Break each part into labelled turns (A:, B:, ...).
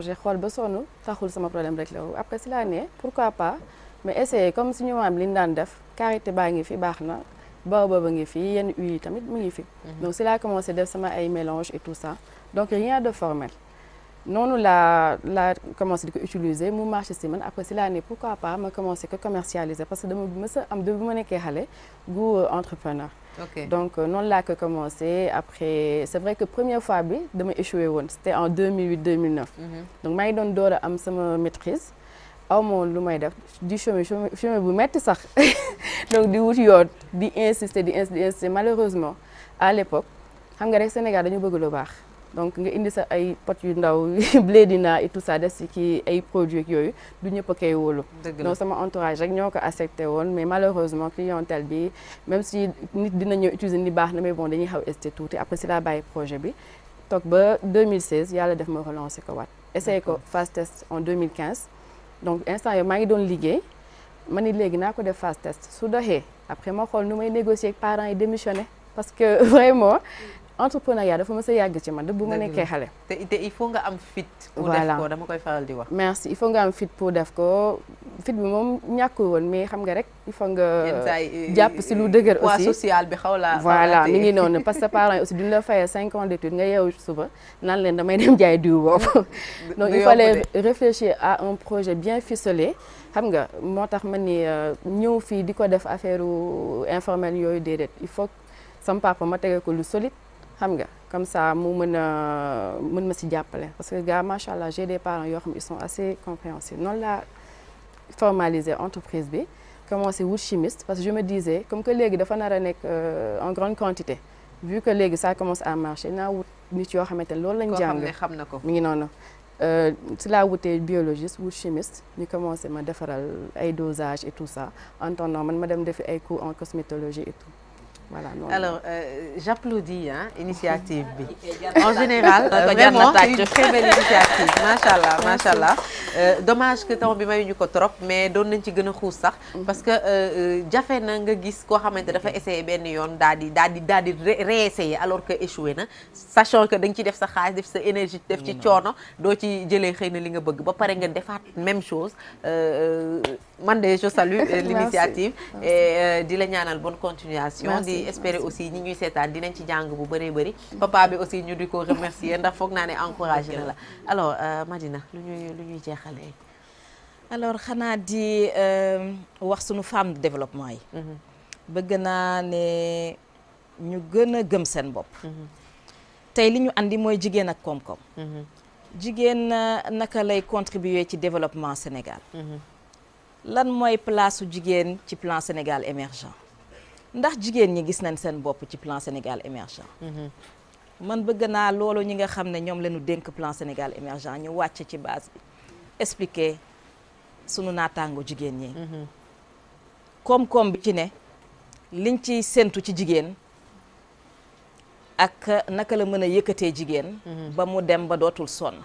A: j'ai xool ba sonn taxul sama problème rek la après si laa pourquoi pas mais essayer comme suñu maam li ñu daan def karité baa ngi fi baax na baobab a ngi fi yenn huile yi tamit mu ngi fi. Mhm. donc si laa commencé def sama ay mélange et tout ça donc rien de formel. Non, la, la commencé à utiliser mon marché après cela année, pourquoi pas me commencer que commercialiser parce que dama mës am de mon goût entrepreneur. donc non, là que commencé après c'est vrai que première fois bi dama échoué C'était en 2008 2009. Mhm. donc je ngi doon door am sama maîtrise. aw mon lu may def du chemin chemin bu metti sax donc di wut yoon di insister di insister malheureusement à l'époque, xam nga rek Sénégal dañu bëgg lu baax donc nga indi sa ay pot yu ndaw blédina et tout ça def si qui ay produits yoyu du ñëpp kay wolu non donc sama entourage rek ñoko ko accepté woon mais malheureusement clientèle bi même si nit dina ñëw utiliser ni baax na mais bon dañuy xaw esté et après cela laa bàyyi projet bi tok ba 2016 yalla def ma relancer ko wat essayé ko fast test en 2015 donc instant yooyu maa ngi doon liggé ma ni léegi naa def fast test su doxee après ma xol numay négocier ak parents et démissionné parce que vraiment entrepreneuriat dafa mës a yàgg ci man de bu ma nekkee xale. te te il faut nga am fit. pour def ko
B: dama koy faral di wax.
A: merci il faut nga am fit pour def ko fit bi mom ñàkkul won mais xam nga rek il faut nga. Euh, japp ci lu deuguer aussi poids social
B: bi xaw laa. voilà mi ngi noonu parce
A: que parents aussi duñu fayé fayee cinq ans d'études nga yew souba naan len damay dem jaay diw boobu. donc il fallait réfléchir à un projet bien ficelé. xam nga motax man ni euh, ñew fi diko def affaire informel yoyu déedéet il faut sama papa ma tege ko lu solide comme ça je mën me mën ma si parce que gars macha j'ai des parents ils sont assez compréhensifs Non, la formaliser entreprise bi commencé être chimiste parce que je me disais comme que léegi dafa nar des choses euh, en grande quantité vu que léegi ça commence à marcher naa wut nit yoo xamante ne loolu lañ jàng xam na non, mi ngi noonu euh, si es biologiste ou chimiste nous commencé à faire ay dosage et tout ça en attendant man Madame, dem defi ay cours en cosmétologie et tout voilà loolu alors
B: euh, j'applaudis hein, initiative bi en général vraiment c'est une très belle initiative macha allah macha allah euh, dommage que taw bi mayuñu ko trop mais doon nañ ci gën a xuus sax mhm. parce que euh, euh, jafe na nga gis koo xamante dafa mhm. essayer benn yoon daal di daal di réessayer alors que échoué na sachant que da nga ci def sa xaalis def sa énergie def ci coono doo ci jëlee xëy na li nga bëgg ba pare nga defaat même chose euh, man de je salue l'initiative et di la ñaanal bonne continuation espérer aussi ñi ñuy sétane dinañ ci bu papa aussi ñu remercier ndax alors euh, Madina lu ñuy lu
C: alors xana di euh, wax femme développement yi. Mhm. bëgg na né ñu nous gëm mhm. li ñu andi ak mhm. euh, naka lay contribuer ci développement Sénégal. lan moy place jigen ci plan Sénégal émergent ndax jigéen ñi gis nañ seen bopp ci plan Sénégal émergent man bëgg naa loolu ñi nga xam ne ñoom leenu dénk plan Sénégal émergent ñu wàcc ci base bi expliquer sunu naataango jigéen ñi mhm. koom-koom bi ci ne liñ ci séntu ci jigéen ak naka la mën a yëkkatee jigéen mhm. ba mu dem ba dootul sonn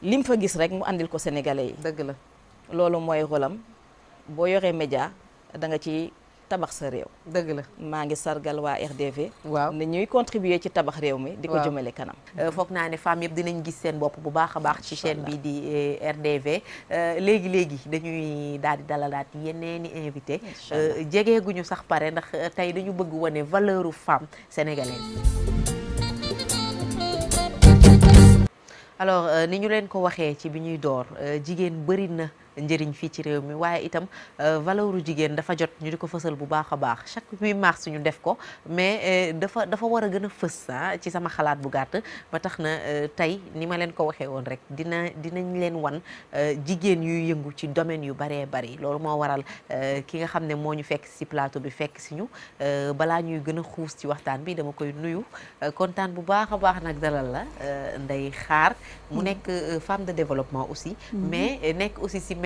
C: lim fa gis rek mu àndil ko sénégalais yi. dëgg la loolu mooy rolam boo yoxee média da nga ci tabax sa réew. dëgg la maa ngi sargal waa RDV. waaw ne ñuy contribuer ci tabax réew mi. di ko jëmale
B: kanam. Euh, foog naa ne femmes yëpp dinañ gis seen bopp bu baax a baax. ci seen bi di euh, RDV. Euh, léegi léegi dañuy daal di dalalaat yeneen i invité. jegeeguñu sax pare ndax tey dañu bëgg wane valeur femme sénégalaise. alors euh, ni ñu leen ko waxee ci bi ñuy door euh, jigéen bëri njëriñ fii ci réew mi waaye itam euh, valeuru jigéen dafa jot ñu di ko fësal bu baax a baax chaque 8 mars ñu def ko mais euh, dafa dafa war a gën a fës ah ci sama xalaat bu gàtt ba tax na euh, tey ni ma leen ko waxee woon rek dina dinañ leen wan jigéen yuy yëngu ci domaine yu baree bari loolu moo waral ki nga xam ne moo ñu fekk si plateau bi fekk si ñu balaa ñuy gën a xuus ci waxtaan bi dama koy nuyu kontaan bu baax a baax nag dalal la ndey xaar mu mm. nekk femme de développement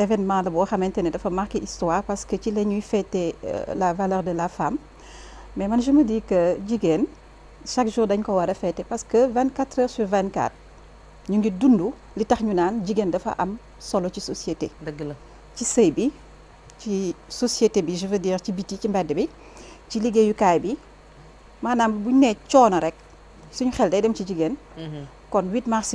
D: événement la bo xamantene marqué histoire parce que ci la euh, la valeur de la femme mais je me dis que chaque jour nous ko parce que 24 heures sur 24 nous ngi les li tax ñu naan am société. la bi société je veux dire ci biti ci bi ci bi rek xel day dem 8
B: mm-hmm. mars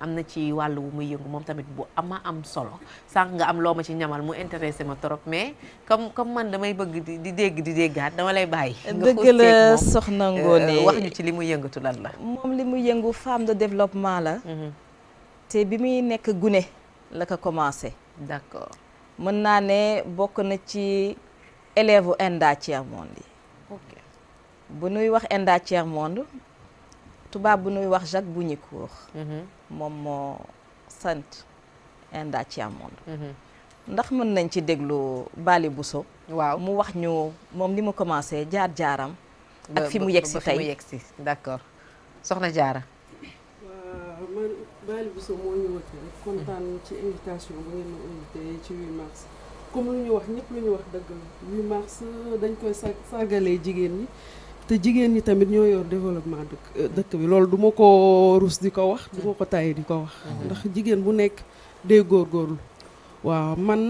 B: am na ci wàll wu muy yëngu moom tamit bu amaa am solo sànq nga am loo ma ci ñamal mu intéressé ma trop mais comme comme man damay bëgg di di dégg di déggaat dama lay bàyyi. dëgg la soxna Ngoné euh, wax ñu ci li muy yëngatu lan la.
C: moom li muy yëngu femme de développement la. Mhm. te bi muy nekk gune la ko commencé. d'accord mën naa ne bokk na ci élève ENDA tiers monde yi. bu nuy wax ENDA tiers monde tubaab bu nuy wax Jacques Bugnicourt. Mhm. moom moo sant ci Thiamonde mhm. ndax mën nañ ci déglu Bali Bousso waaw mu wax ñu moom ni mu commencé jaar jaaram ak fi mu yegg si tey fi mu yegg si d'accord
B: soxna jaara
E: waaw man Bali Bousso moo ñëwati rek kontaan ci invitation bu ngeen ma invité ci 8 mars comme lu ñu wax ñëpp lu ñu wax dëgg 8 mars dañ koy sargalee jigéen ñi te jigéen ñi tamit ñoo yor développement dëkk euh, dëkk bi loolu duma ko rus di ko wax du ma ko tàyyi di ko wax mm-hmm. ndax jigéen bu nekk góor góorgóorlu waaw man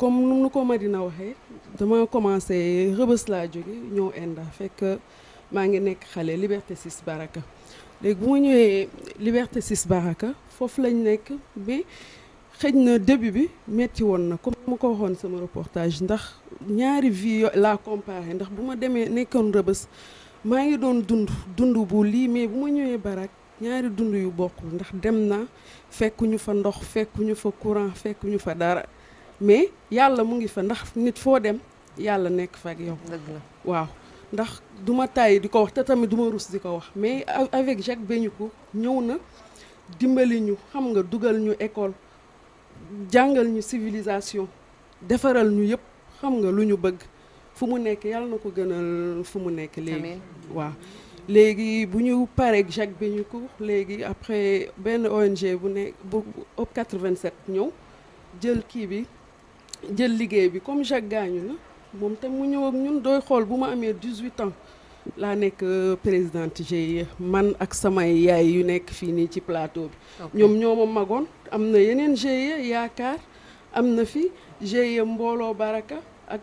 E: comme nu ko ma dina waxee dama commencé rëbës laa jóge ñëw Enda fekk maa ngi nekk xale Liberté 6 Baraka léegi bu ma ñëwee Liberté sis Baraka foofu lañ nekk mais xëj na début bi metti woon na comme ma ko waxoon sama reportage ndax ñaari vie la comparé ndax bu ma demee nekkoon rëbës maa ngi doon dund dund bu lii mais bu ma ñëwee barak ñaari dund yu bokkul ndax dem na fekkuñu fa ndox fekkuñu fa courant fekkuñu fa dara mais yàlla mu ngi fa ndax nit foo dem yàlla nekk fa ak yow. waaw ndax du ma tàyyi di ko wax te tamit du ma di ko wax mais avec Jacques ko ñëw na dimbali ñu xam nga dugal ñu école. jangal ñu civilisation ñu yépp xam nga lu ñu bëgg fu nekk yàlla na gënal nekk Jacques après Ben ONG bu nekk bu 87 ñëw jël kii bi jël comme Jacques gagne, na moom tam mu ñëw ak ñun 18 ans laa nekk euh, présidente GIE man ak samay yaay yu nekk plateau amna yenen yeneen GIE yaakaar am fi GIE mbolo baraka ak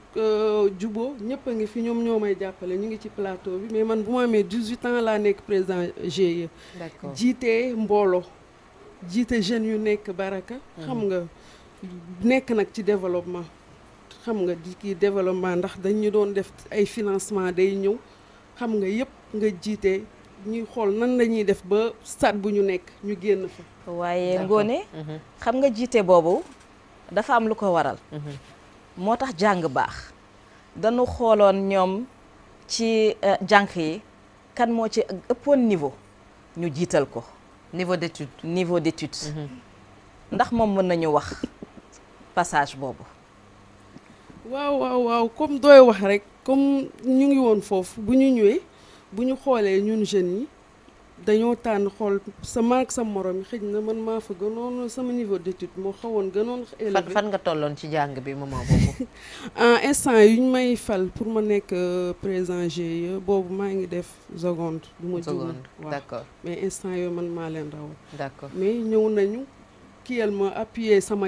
E: djubo euh, ñepp nga fi ñom ñomay may ñu ngi ci plateau bi mais man bu ma amee 18 ans la nek président GIE. d'accord jiite mbolo jiite jeune yu nek baraka. Hum. xam nga nek nak ci développement. xam nga di kii développement ndax dañu doon def ay financement day ñew xam nga yépp nga jiite. ñuy xool nan la ñuy def ba stade bu ñu nekk ñu génn fa. waaye ngoone mhm. xam nga jiite
C: boobu dafa am lu ko waral. Mhm. moo tax jàng baax. dañu xooloon ñoom ci euh, jànq yi kan moo ci ëppoon niveau ñu jiital ko. niveau d'étude niveau d'étude. Mhm. ndax moom mën nañu wax passage boobu.
E: waaw waaw waaw comme dooy wax rek comme ñu ngi woon foofu bu ñu ñëwee. bu ñu xoolee ñun jeunes yi dañoo tànn xool sama ak sa morom niveau fan nga ci bi moment en may fal pour ma nekk euh, e, def seconde ma mais instant yooyu man maa mais ma sama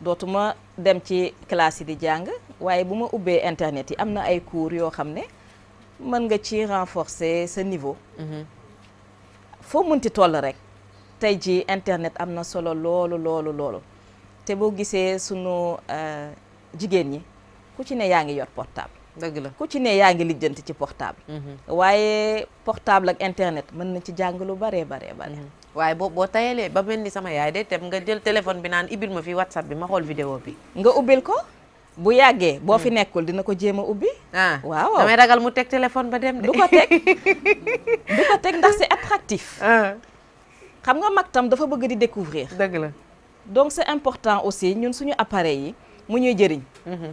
C: dootuma dem ci classe yi di jàng waaye bu ma ubbee internet yi am na ay cours yoo xam ne mën nga ci renforcer sa niveau mhm. foo mënti toll rek tey ji internet am na solo loolu loolu loolu te boo gisee sunu euh, jigéen ñi ku ci ne yaa ngi yor portable la ku ci ne yaa ngi lijjanti ci portable mhm. waaye portable ak internet mën na ci jàng lu baree baree bare mhm.
B: waaye boo boo tayalee ba mel ni sama yaay de tem nga jël téléphone bi naan ibil ma fi whatsapp bi
C: ma xool vidéo bi. nga ubbil ko. bu yàggee boo fi hmm. nekkul dina ko jéem a ubbi. ah waaw damay ragal mu
B: teg téléphone ba dem de. du ko
C: teg du ko teg ndax c'est attractif. Ah. xam nga mag tam dafa bëgg di découvrir. dëgg la donc c'est important aussi ñun suñu
B: appareil yi mu ñuy jëriñ.
C: Mm-hmm.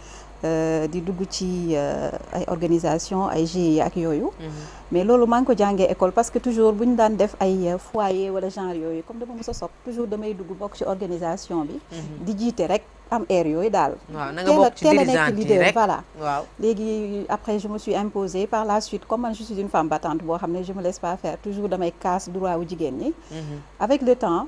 D: Euh, di dugg ci euh, ay organisation ay GIE ak yoyu mhm. mais loolu maa ko jangé école parce que toujours buñ dan def ay euh, foyer wala genre yoyu comme dama mos sop toujours damay dugg bok ci organisation bi. Mhm. di jité rek am air yoyu dal
B: waaw na nga bok ci dirigeante rek
D: voilà. légui après je me suis imposé par la suite comme je suis une femme battante bo xamné je me laisse pas faire toujours damay casse droit wu jigen ni mhm. avec le temps.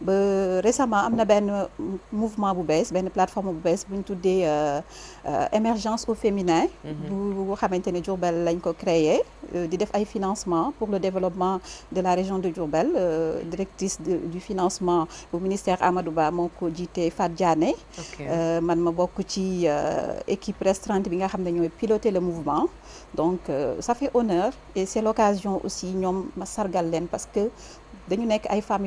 D: ba récemment avons eu un mouvement bu bees une plateforme bu bees pour ñu euh, euh émergence au féminin mhm. bu avons créé Diourbel lañ ko créer euh, di def ay financement pour le développement de la région de La euh, directrice du financement du ministère Amadouba Ba été ko jiite Fat Diané man ma équipe restreinte bi nga xamné piloter le mouvement donc ça fait honneur et c'est l'occasion aussi ñom ma sargal choses parce que dañu nek ay femmes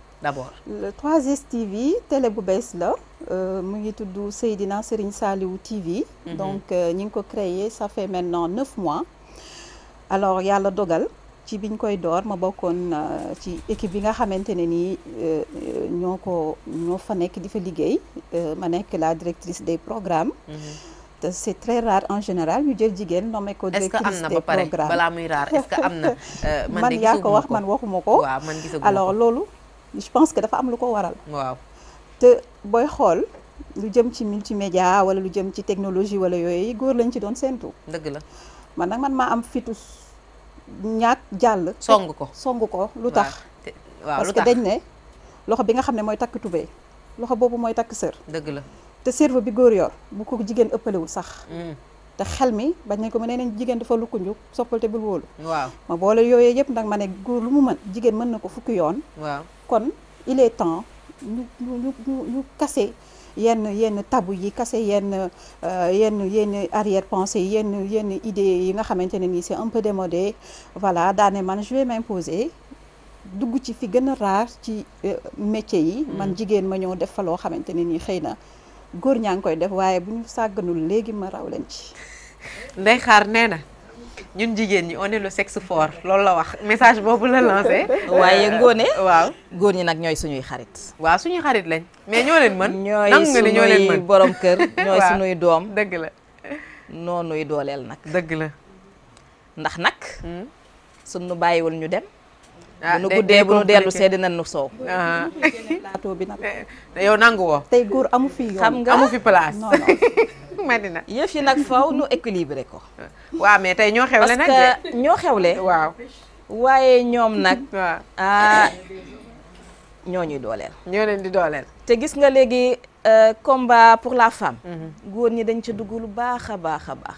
D: d'abord. le 3STV télé bu bees la euh, mu ngi tudd Seydina Serigne Saliou TV. Mhm. donc euh, ñu ngi ko créé ça fait maintenant 9 mois. alors yàlla dogal ci biñ koy door ma bokkoon euh, ci équipe bi nga xamante ne nii ñoo ko ñoo fa nekk di fa liggéey ma nekk la directrice des programmes. Mhm. c'est très rare en général ñu jël jigéen nommé ko directrice des programmes balaa muy rare est-ce que am na man yaa ko wax man waxuma ko alors loolu je pense que dafa am lu ko waral. waaw te booy xool lu jëm ci multimédia wala lu jëm ci technologie wala yooyu góor lañ ci doon séentu. dëgg la man nag man maa am fitu ñaak jàll. song ko song ko lu tax.
B: waaw lu tax parce que dañ ne
D: loxo bi nga xam ne mooy takk tubéy loxo boobu mooy takk sër. dëgg la te cerveau bi góor yor bu ko jigéen ëppalewul sax. Mm. te xel bañ nañ ko ma nee nañ jigéen dafa lukku njug soppal te bul wóolu waaw ma bolé yoyé yépp nak mané ne lu mu mën jigen mën nako ko fukki yoon waaw kon il est temps ñu ñu ñu ñu casser yenn yenn tabou yi casser euh, yenn yenn yenn arrière pensée yenn yenn idée yi nga xamante ni c'est un peu démodé voilà daane man je vais m'imposer dugg ci fi gëna a ci euh, métier yi man mm. jigen ma ñoo def fa lo xamante ni xeyna góor ñaa ngi koy def waaye bu ñu sàgganul léegi ma raw leen ci.
B: Ndeye xaar nee na ñun jigéen ñi on est le sexe fort loolu la wax
D: message boobu la lancé. waaye ngóone.
B: waaw góor ñi nag ñooy suñuy xarit. waaw suñuy xarit lañ mais ñoo leen mën. ñooy suñuy
C: borom kër ñooy suñuy doom dëgg la. noonuy dooleel nag. dëgg la ndax nag. Hmm? suñu bàyyiwul ñu dem. ah nu guddee bu nu dellu see dinañ nu soow. Ah. bi
D: nag.
B: Eh,
C: eh, yow nangu woo. tey góor amu fi yoon xam nga amu
B: fi place. Madina
C: yëf yi nag faw nu équilibré ko. Eh,
B: waa mais tey ñoo xewle nag parce que ñoo xewle. waaw waaye ñoom nag.
C: Ah, ñoo ñuy dooleel. ñoo leen di dooleel. te gis nga léegi euh, combat pour
B: la femme. Mm-hmm. góor ñi dañ ci dugg lu baax a baax a baax.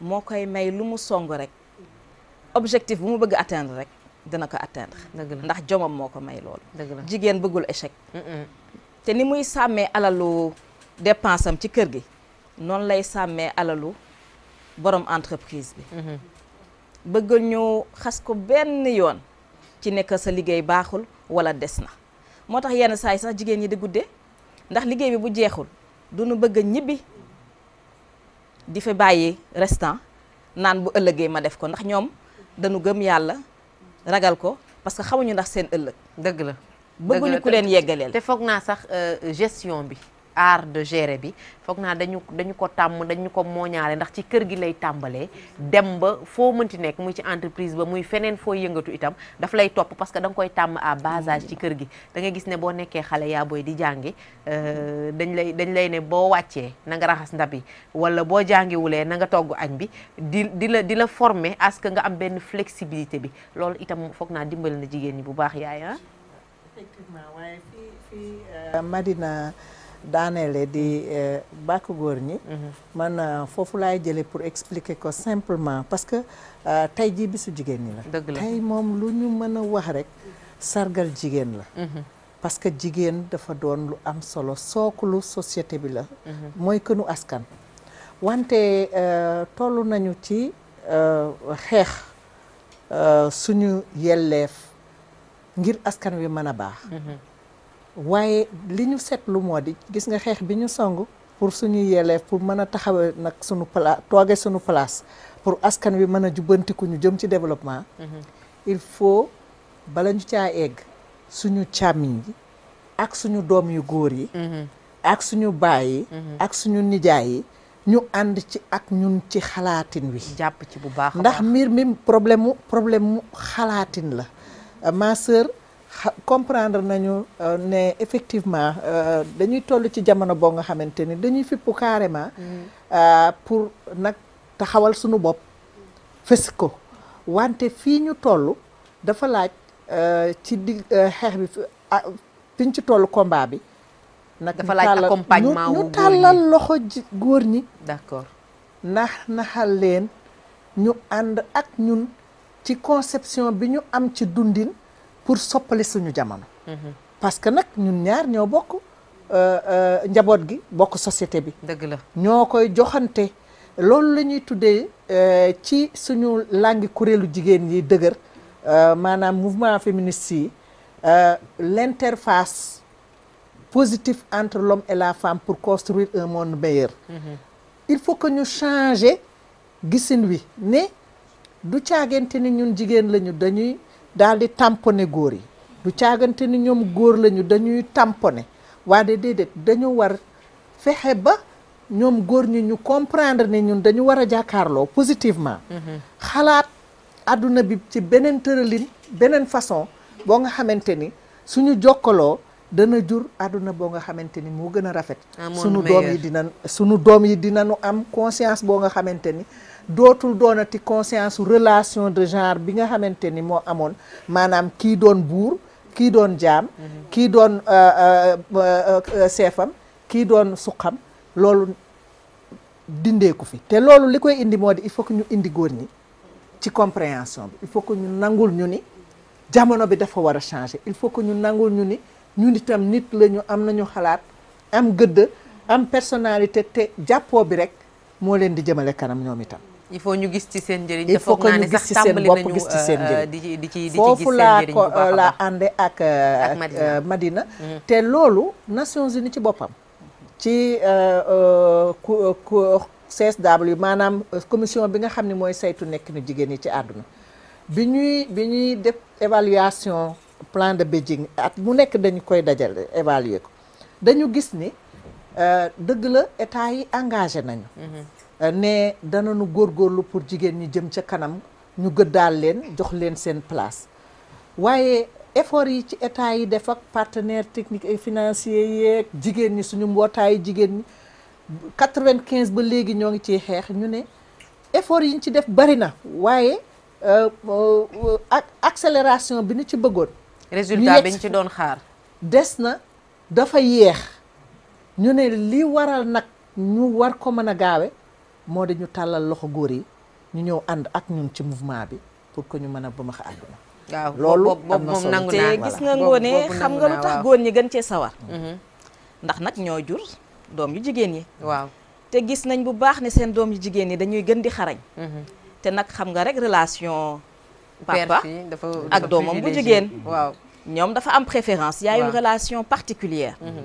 C: moo koy may lu mu song rek objectif bu mu bëgg atteindre rek dina ko atteindre ndax jomam moo ko may loolu jigéen bëggul échec te ni muy sàmmee alalu dépense am ci kër gi noonu lay sàmmee alalu borom entreprise bi mm-hmm. bëggal ñu xas ko benn yoon ci nekk sa liggéey baaxul wala des na moo tax yenn saay sax jigéen ñi di guddee ndax liggéey bi bu jeexul du nu bëgg a ñibbi di fi bàyyi restant naan bu ëllëgee ma def ko ndax ñoom
B: dañu gëm yàlla ragal ko parce que xamuñu ndax seen ëllëg. dëgg la bëgguñu ku leen yeggaleel. te foog naa sax euh, gestion bi. art de gérer bi fokk na dañu dañu ko tam dañu ko mooñaale ndax ci kër gi lay tambalé dem ba fo mënti nek muy ci entreprise ba muy fenen fo yëngatu itam daf lay top parce que dang koy tam à basage ci kër gi da nga gis né bo nekké xalé ya boy di euh dañ lay dañ lay né bo waccé na nga raxas ndab bi wala jangé wulé na nga togg agn bi di la di la former à ce que nga am ben flexibilité bi lool itam fokk na dimbal na jigéen ñi bu baax yaay ha ah.
E: effectivement waye
F: fi fi euh, Madina daaneele di mm-hmm. eh, bàkk góor ñi mm-hmm. man eh, foofu laay jëlee pour expliquer ko simplement parce que eh, tey jii bisu jigéen ñi la tey moom lu ñu mën a wax rek sargal jigéen la mm-hmm. parce que jigéen dafa doon lu am solo sookulu société bi la mooy kënu askan wante toll nañu ci xeex suñu yelleef ngir askan wi mën a baax waaye li ñu seetlu moo di gis nga xeex bi ñu song pour suñu yelleef pour mën a taxawee nag suñu place tooge suñu place pour askan wi mën a jubbantiku ñu jëm ci développement. Mhm. il faut bala ñu caa egg suñu càmmiñ yi ak suñu doom yu góor yi. Mhm. ak suñu baay yi. Mhm. ak suñu nijaay yi. ñu ànd ci ak ñun ci xalaatin wi. jàpp ci bu baax ndax mbir mi problème mu xalaatin la ma sœur comprendre nañu euh, ne effectivement euh, dañuy toll ci jamono boo nga xamante ni dañuy fippu carrément mm. euh, pour nag taxawal suñu tahawal fës ko wante fii ñu toll dafa laaj ci di xeex bi ah, fi ñu ci toll combat bi nag dafa laaj accompagnement ñu tàllal loxo góor ñi d'accord nax naxal leen ñu ànd ak ñun ci conception am ci dundin pour soppali suñu jamono. Mm-hmm. parce que nag ñun ñaar ñoo bokk euh, euh, njaboot gi bokk société bi. dëgg la ñoo koy joxante loolu la ñuy tuddee euh, ci suñu langi kuréelu jigéen yi dëgër maanaam mouvement féministe yi l'interface positive entre l'homme et la femme pour construire un monde meilleur. Mm-hmm. il faut que ñu changer gisin wi ne du caagante ni ñun jigéen lañu dañuy. daal di tamponné góor yi du caagante ni ñoom góor lañu dañuy tamponné waaye déedéet dañu war fexe ba ñoom góor ñi ñu comprendre ne ñun dañu war a jàkkaarloo positivement. Mhm. xalaat àdduna bi ci beneen tëralin beneen façon boo nga xamante ni suñu jokkaloo dana jur àdduna boo nga xamante ni moo gën a rafet. sunu doom yi dina sunu am conscience boo nga xamante ni. dootul ti conscience relation de genre bi nga xamante ni moo amoon maanaam kii doon buur kii doon jaam kii doon euh, euh, euh, seefam kii doon suqam loolu dindeeku fi te loolu li koy indi moo di il faut que ñu indi goon ni ci compréhension bi il faut que ñu nangul ñu ni jamono bi dafa war a changé il faut que ñu nangul ñu ni ñun itam nit la ñu am nañu xalaat am gëdd am personnalité te jàppoo bi rek moo leen di jëmale kanam ñoom itam
B: il faut ñu gis ci seen njëriñ. il faut que ñu gis ci seen gis euh, ci
F: njëriñ di ci di ci gis seen njëriñ foofu laa ko euh, euh, ak. ak Madina mm. te loolu Nations Unies ci boppam. ci CSW maanaam commission bi nga xam ne mooy saytu nekk nu jigéen ñi ci àdduna bi ñuy bi ñuy def évaluation plan de Beijing at mu nekk dañu koy dajale évaluer ko dañu gis ni dëgg la état yi engagé nañu. Mm-hmm. ne dananu góorlu pour jigéen ñi jëm ca kanam ñu gëddaal leen jox leen seen place waaye effort yi ci état yi def ak partenaire technique et financier yeeg jigéen ñi suñu mbootaayu jigéen ñi quatre vingt ba léegi ñoo ngi ciy xeex ñu ne effort yi ñu ci def bari na waaye ak euh, euh, ak accélération bi nu ci bëggoon. résultat bi ñu ci doon xaar. des na dafa yéex ñu ne li waral nag ñu war ko mën a gaawe moo di ñu tàllal loxo góor yi ñu ñëw ànd ak ñun ci mouvement bi pour que ñu mën a ba ma xa àdduna waaw loolu na solo te gis nga ngoone xam nga lu tax
C: góor ñi gën cee sawar mhm. ndax nag ñoo jur doom yu jigéen yi waaw te gis nañ bu baax ne seen doom yu jigéen yi dañuy gën di xarañ mhm. te nag xam nga rek relation
D: papa ak doomam bu jigéen waaw
C: ñoom dafa am préférence y relation
B: particulière mhm.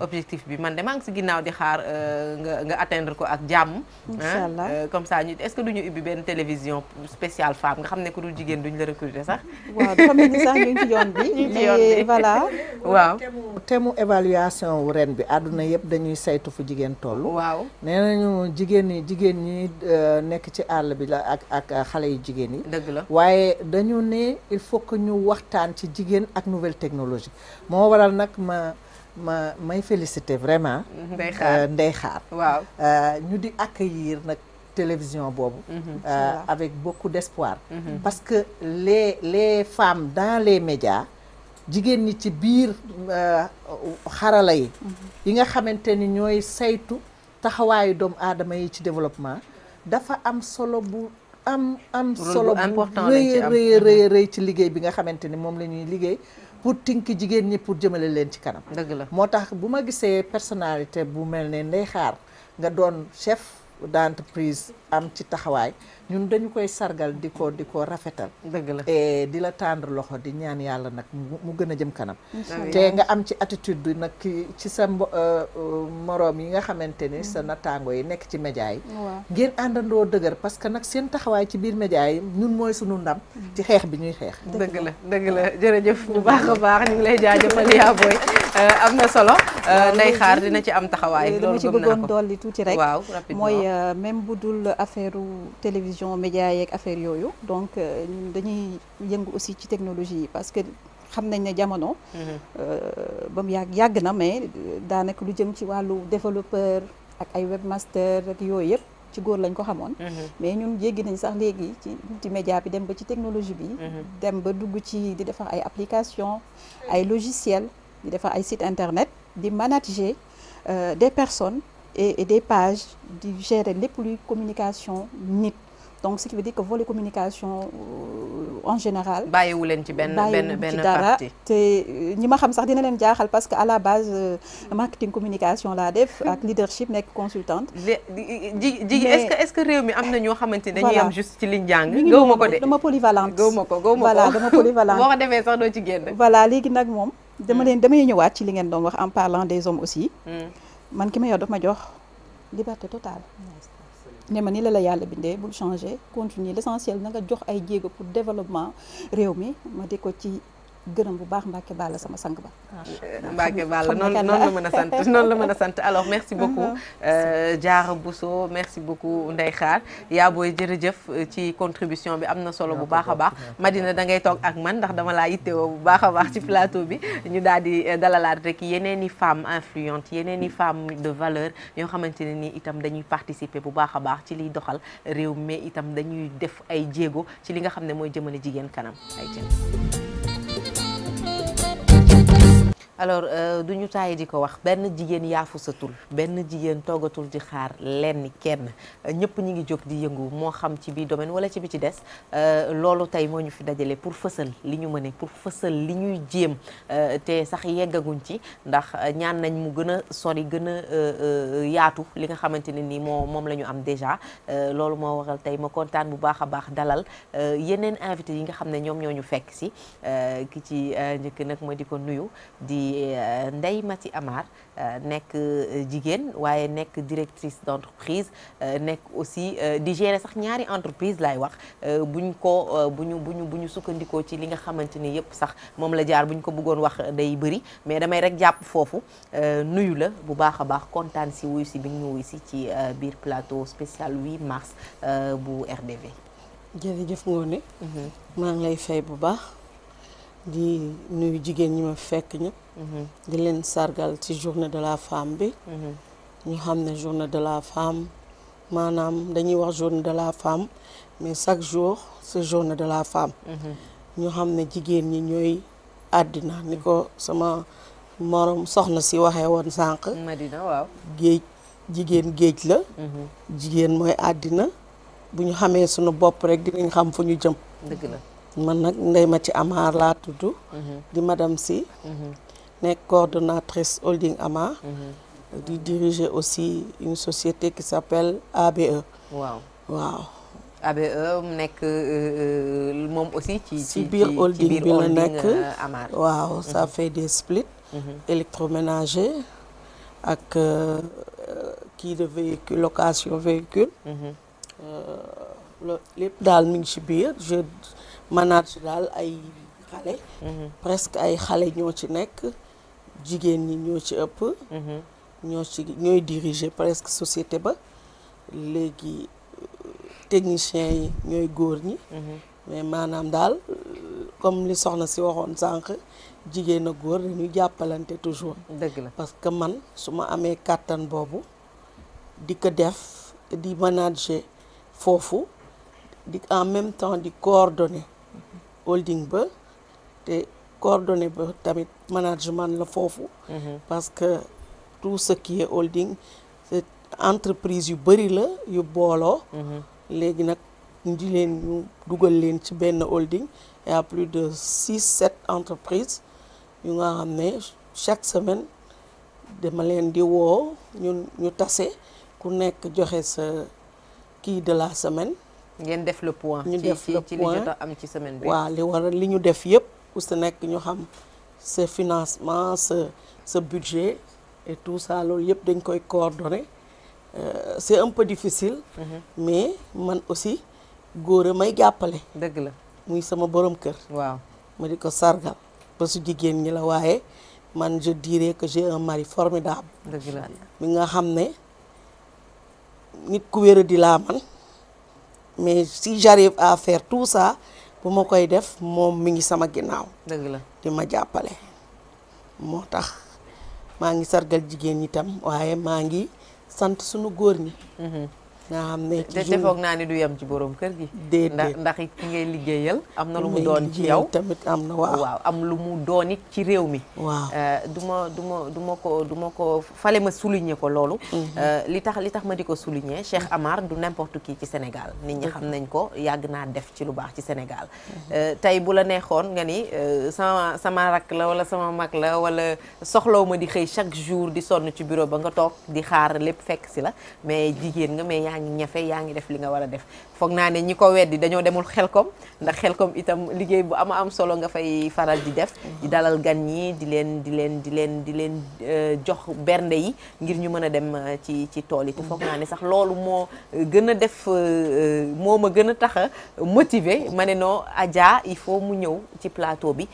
B: objectif bi man de maa ngi ginnaw di xaar euh, nga nga atteindre ko ak jamm inshallah hein. euh, comme ça ñu est-ce que duñu ubbi ben télévision spéciale femme nga xamné ne ku dul jigéen duñu la recruter sax.
F: waaw dafa mel ni sax ñu ci yoon bi. ñu voilà. waaw thème mu évaluation wu ren bi aduna yépp dañuy saytu fu jigen tollu waaw nee nañu jigéen ñi jigéen ñi euh, nekk ci àll bi la ak ak xalé yi jigen ni dëgg la waye dañu né il faut que ñu waxtaan ci jigen ak nouvelle technologie mo waral nak ma ma may félicité vraiment. Mm-hmm. Ndeye Xaar euh, Ndeye Xaar. Euh, ñu di accueillir la télévision boobu. Mm-hmm. Euh, avec beaucoup d'espoir. Mm-hmm. parce que les les femmes dans les médias. jigéen ñi ci biir xarala yi. yi nga xamante ni ñooy saytu taxawaayu doomu aadama yi ci développement. dafa am solo bu am am. solo bu rëy rëy rëy rëy ci liggéey bi nga xamante ni moom la ñuy liggéey. pour tink jigéen ñi pour jëmale leen ci kanam. dëgg la moo tax bu ma gisee personnalité bu mel ne ndey xaar nga doon chef d'entreprise. am ci taxawaay ñun dañu koy sargal di ko di ko rafetal. dëgg la di la tendre loxo di ñaan yàlla nag mu gën a jëm kanam. te nga am ci attitude bi nag ci sa euh, euh, moroom yi nga xamante ni sa mm. nattaango yi nekk ci média yi. ngeen àndandoo dëgër parce que nag seen taxawaay ci biir média yi ñun mooy sunu ndam. Mm. ci xeex bi ñuy xeex. dëgg la dëgg la jërëjëf bu baax baax
B: ñu ngi lay jaajëfal yaa booy euh, am na solo. nday xaar dina ci am taxawaay. loolu ci bëggoon dolli tuuti rek.
D: mooy même bu dul affaire télévision médias yeeg affaire yooyu donc euh, dañuy aussi ci technologie parce que xam nañ ne jamono. Mhm. Euh, ba mu yàgg yàgg na mais euh, daanaka lu jëm ci wàllu développeur ak ay webmaster ak yooyu yëpp. ci góor lañ ko mhm. mais ñun jéggi nañ sax léegi ci multimédia bi dem ba ci technologie bi mhm. dem ba dugg ci di defar ay application ay logiciel di defar ay site internet di manager des personnes et, des pages gèrent les les communication donc ce qui veut dire que vos communications euh, en général. parce qu'à la base euh, marketing communication la def leadership consultant. consultante.
B: est-ce que est que juste
D: polyvalente voilà polyvalente voilà hmm. en parlant des hommes aussi. Hmm man suis ma ma liberté totale Je continuer l'essentiel nga pour développement réel. gërëm bu baax Mbacke Balla sama sang ba.
B: Ah, Mbacke Balla noonu noonu la mën a sant noonu la mën a sant alors merci uh-huh. beaucoup. Euh, Diarra Bousso merci beaucoup Ndeye Khar yaa booy jërëjëf euh, ci contribution bi am na solo bu baax a baax. Madina da ngay toog ak man ndax dama laa yittewoo bu baax a baax ci plateau bi ñu daal di euh, dalalaat rek yeneen i femmes influentes yeneen i femmes de valeur yoo xamante ne nii itam dañuy participer bu baax a baax ci liy doxal réew mi itam dañuy def ay jéego ci li nga xam ne mooy jëmale jigéen kanam alors euh, du ñu tàyyi di ko wax benn jigéen yaafusatul benn jigéen toogatul di xaar lenn kenn ñëpp ñu ngi jóg di yëngu moo xam ci biir domaine wala ci bi ci des euh, loolu tey moo ñu fi dajale pour fësal li ñu mëne pour fësal li ñuy jéem euh, te sax yeggaguñ ci ndax ñaan nañ mu gën a sori gën a yaatu li nga xamante ne nii moo moom la ñu am déjà loolu moo waxal tey ma kontaan bu baax a baax dalal yeneen invité yi nga xam ne ñoom ñoo ñu fekk si ki ci njëkk nag ma di ko nuyu di. di euh, Ndeye Mati Amar euh, nek euh, jigen waye nek directrice d'entreprise nek aussi di gérer sax ñaari entreprise lay wax buñ ko buñu buñu buñu ñu ci li nga xamanteni yépp sax mom la jaar buñ ko bëggoon wax day bëri mais damay rek japp fofu nuyu la bu baax a baax kontaan si wuyu si bi ñu wuyu ci bir plateau spécial 8 mars bu RDV.
G: jërëjëf Ngoné. Mhm. ma ngi lay fay bu baax. di nuyu jigéen ñi ma fekk ñëpp. Mhm. di leen sargal ci journée de la femme bi. Mhm. ñu xam ne journée de la femme maanaam dañuy wax journée de la femme mais chaque jour c'est journée de la femme. Mhm. ñu xam ne jigéen ñi ñooy àddina ni ko sama morom soxna si waxee woon sànq. Madina waaw géej jigéen géej la. jigéen mooy àddina bu ñu xamee sunu bopp rek dinañ xam fu ñu jëm. man ndey ma ci Amar la tuddu mhm. di madame si. suis mhm. coordonnatrice holding Amar. Mhm. di diriger aussi une société qui s'appelle ABE. Wow, wow.
B: ABE mu nekk euh, euh, aussi. ci ci bir holding bi la euh, Amar ça
G: fait des splits. électroménager ak qui de véhicules, location véhicule. les daal mi ci je manage dal ay xalé mhm. presque ay xalé ñoo ci nekk jigéen ñi ñoo ci ëpp mhm. ñoo ci ñooy diriger presque société ba légui technicien yi ñooy góor ñi mhm. mais manam dal comme li soxna ci waxoon sank jigen a góor ñu jappalante toujours dëgg la parce que man suma amé amee bobu di ko def di manager fofu di en même temps di coordonner holding bas coordonné coordonner le management le fofu mhm. parce que tout ce qui est holding c'est une entreprise qui est la yu bolo mhm. légui nak ñu leen ñu holding il y a plus de 6 7 entreprises yu nga xamné chaque semaine dama leen di wo ñun ñu tassé ku nekk joxé ce qui de la semaine ngeen def le point ñu def le point ci am ci semaine bi. waaw li war a li ñu def yépp ku si nekk ñu xam sa financement ce ce budget et tout ça loolu yépp dañ koy coordonner euh, c'est un peu difficile. Mhm. mais man aussi góor a may jàppale. dëgg la muy sama borom kër. waaw ma di ko sargal parce su jigéen ñi la waaye man je dirais que j'ai un mari formidable. dëgg la mi nga xam ne nit ku wér di laa man. mais si j'arrive affaire tout ça bu ma koy def moom mi ngi sama ginnaaw. dëgg di ma jàppale. moo tax maa ngi sargal jigéen ñi tam waaye maa ngi sant sunu góor ñi. Mm-hmm. nga xam ne te foog naa
B: ni du yem ci borom kër gi. déedéet ndax ki ngay liggéeyal. am na lu mu doon ci yow tamit am na waaw. am lu mu doon it ci réew mi. waaw euh, du ma du ma du ma ko du ma ko fale ma souligner ko loolu. Mhm. Euh, li tax li tax ma di ko souligner Cheikh mhm. Amar du n'importe qui ci Sénégal. nit ñi xam mhm. nañ ko yàgg naa def ci lu baax ci Sénégal. Euh, tey bu la neexoon nga ni sama sama rak la wala sama mag la wala soxlaw ma di xëy chaque jour di sonn ci bureau ba nga toog di xaar lépp fekk si la mais jigéen nga mais ngi ñafe yaa ngi def li nga war a def foog naa ne ñi ko weddi dañoo demul xel xelkom ndax xelkom itam liggéey bu ama am solo nga fay faral di def di dalal gan ñi di leen di leen di leen di leen euh, jox bernde yi ngir ñu mën a dem euh, ci ci tool yi te foog naa ne sax loolu moo gën a def euh, moo ma gën a tax a motiver ma ne noo Adja il faut mu ñëw ci plateau bi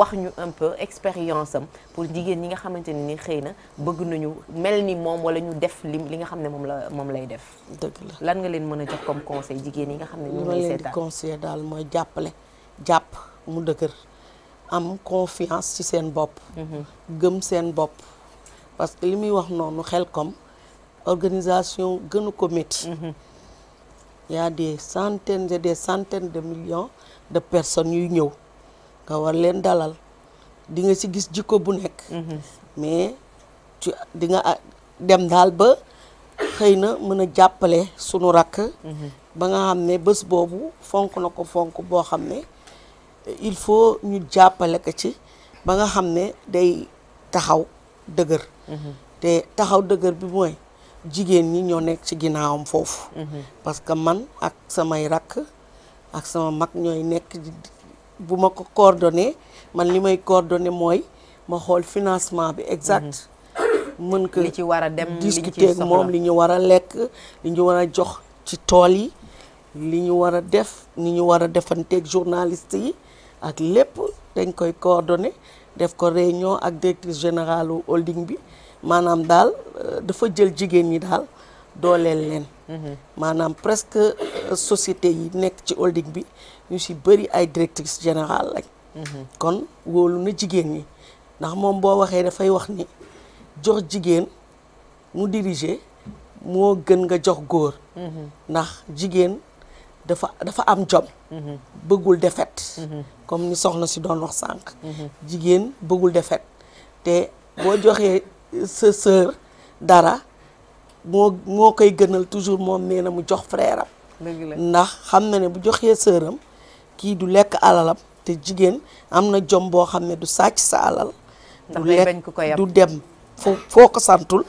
B: wax ñu un peu expérience am pour jigéen ñi nga xamante ne ni xëy na bëgg nañu mel ni moom wala ñu def li li nga xam ne moom la moom lay def. dëgg la lan nga leen mën a jox
G: comme conseil jigéen ñi nga xam ne ñoom lay seetaan conseil daal mooy jàppale jàpp mu dëgër am confiance ci seen bopp. Mhm. gëm seen bopp parce que li muy wax noonu xel comme organisation gënu ko métti. Mhm. y a des centaines et des centaines de million de personnes yuy ñëw nga war leen dalal. dinga ci gis jikko bu nekk. Mhm. mais ci di dem daal ba xëy na mën a jàppale sunu rakk. Mhm. ba nga xam ne bés boobu fonk na ko fonk boo xam ne il faut ñu jàppale ko ci ba nga xam ne day taxaw dëgër. Mhm. te taxaw dëgër bi mooy jigéen ñi ñoo nekk ci ginnaawam foofu. parce que man ak samay rakk ak sama mag ñooy nekk. bu ma ko coordonné man li may coordonné mooy ma xool financement bi exact mhm. mën ko li ci war a dem discuter ak moom li ñu war a lekk li ñu war a jox ci tool yi li ñu war a def ni ñu war a defanteeg journaliste yi ak lépp dañ koy coordonné def ko réunion ak directrice générale holding bi maanaam daal euh, dafa jël jigéen ñi daal dooleel leen mhm. maanaam presque euh, société yi nekk ci holding bi ñu si bëri ay directrice générale lañ mhm. kon wóolu na jigéen ñi ndax moom boo waxee dafay wax ni jox jigéen mu diriger moo gën nga jox góor mhm. ndax jigéen dafa dafa am jom mhm. bëggul defet comme ni soxna si doon wax sànq jigéen bëggul defet te boo joxee sa sœur dara moo moo koy gënal toujours moom nee na mu jox frère am ndax xam na ne bu joxee sœuram kii du lekk alalam te jigéen am na jom boo xam ne du sàcc sa alal du lekk du dem foo foo ko santul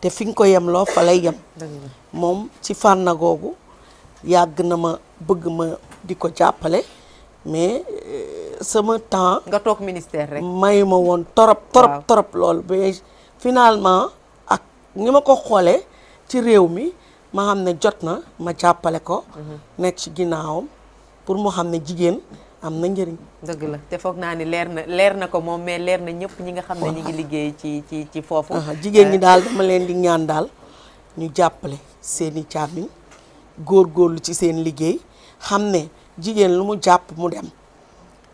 G: te fi nga ko yem loo fa lay yem moom ci fànna googu yàgg na ma bëgg ma di ko jàppale mais euh, sama temps nga toog ministère rek may ma woon torop torop torop lool mais finalement ak ni ma ko xoolee ci réew mi ma xam ne jot na ma jàppale ko mm-hmm. nekk ci ginnaawam pour moo xam ne jigéen am na njëriñ. dëgg la te
B: foog naa ni leer na leer na ko moom mais leer na ñëpp ñi nga xam ne ñu ngi liggéey ci ci ci foofu. jigéen ñi euh, daal
G: dama leen di ñaan daal ñu jàppale seeni càmmiñ lu ci seen liggéey xam ne jigéen lu mu jàpp mu dem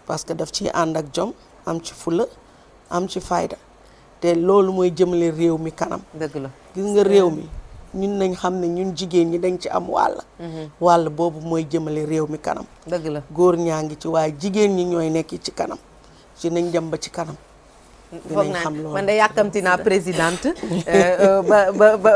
G: parce que daf ciy ànd ak jom am ci fula am ci fayda te loolu mooy jëmale réew mi kanam. dëgg la gis nga réew mi. ñun nañ xam ne ñun jigéen ñi dañ ci am wàll mhm. wàll boobu mooy jëmale réew mi kanam dëgg la góor ñaa ngi ci waaye jigéen ñi ñooy nekk ci kanam ci nañ dem ba ci kanam foog man de yàkkamti naa présidente euh, euh,
F: ba ba